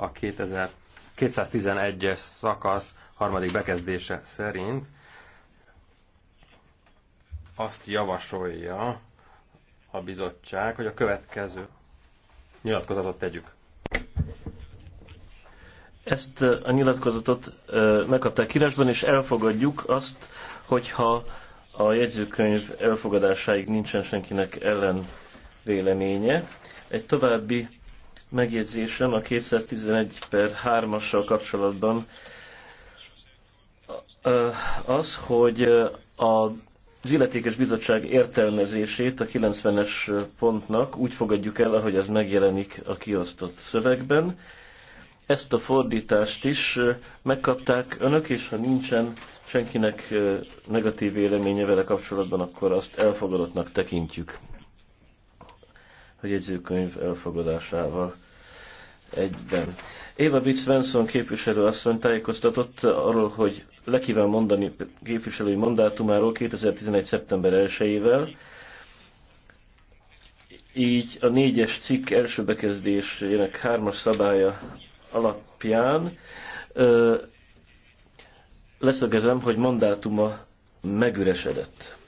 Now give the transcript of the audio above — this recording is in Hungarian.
a 2000, 211-es szakasz harmadik bekezdése szerint azt javasolja a bizottság, hogy a következő nyilatkozatot tegyük. Ezt a nyilatkozatot megkapták írásban, és elfogadjuk azt, hogyha a jegyzőkönyv elfogadásáig nincsen senkinek ellen véleménye. Egy további megjegyzésem a 211 per 3-assal kapcsolatban az, hogy a az illetékes bizottság értelmezését a 90-es pontnak úgy fogadjuk el, ahogy ez megjelenik a kiosztott szövegben. Ezt a fordítást is megkapták önök, és ha nincsen senkinek negatív véleménye vele kapcsolatban, akkor azt elfogadottnak tekintjük a jegyzőkönyv elfogadásával egyben. Éva Bitt Svensson képviselő asszony tájékoztatott arról, hogy kíván mondani képviselői mandátumáról 2011. szeptember 1-ével, így a négyes cikk első bekezdésének hármas szabálya alapján ö, leszögezem, hogy mandátuma megüresedett.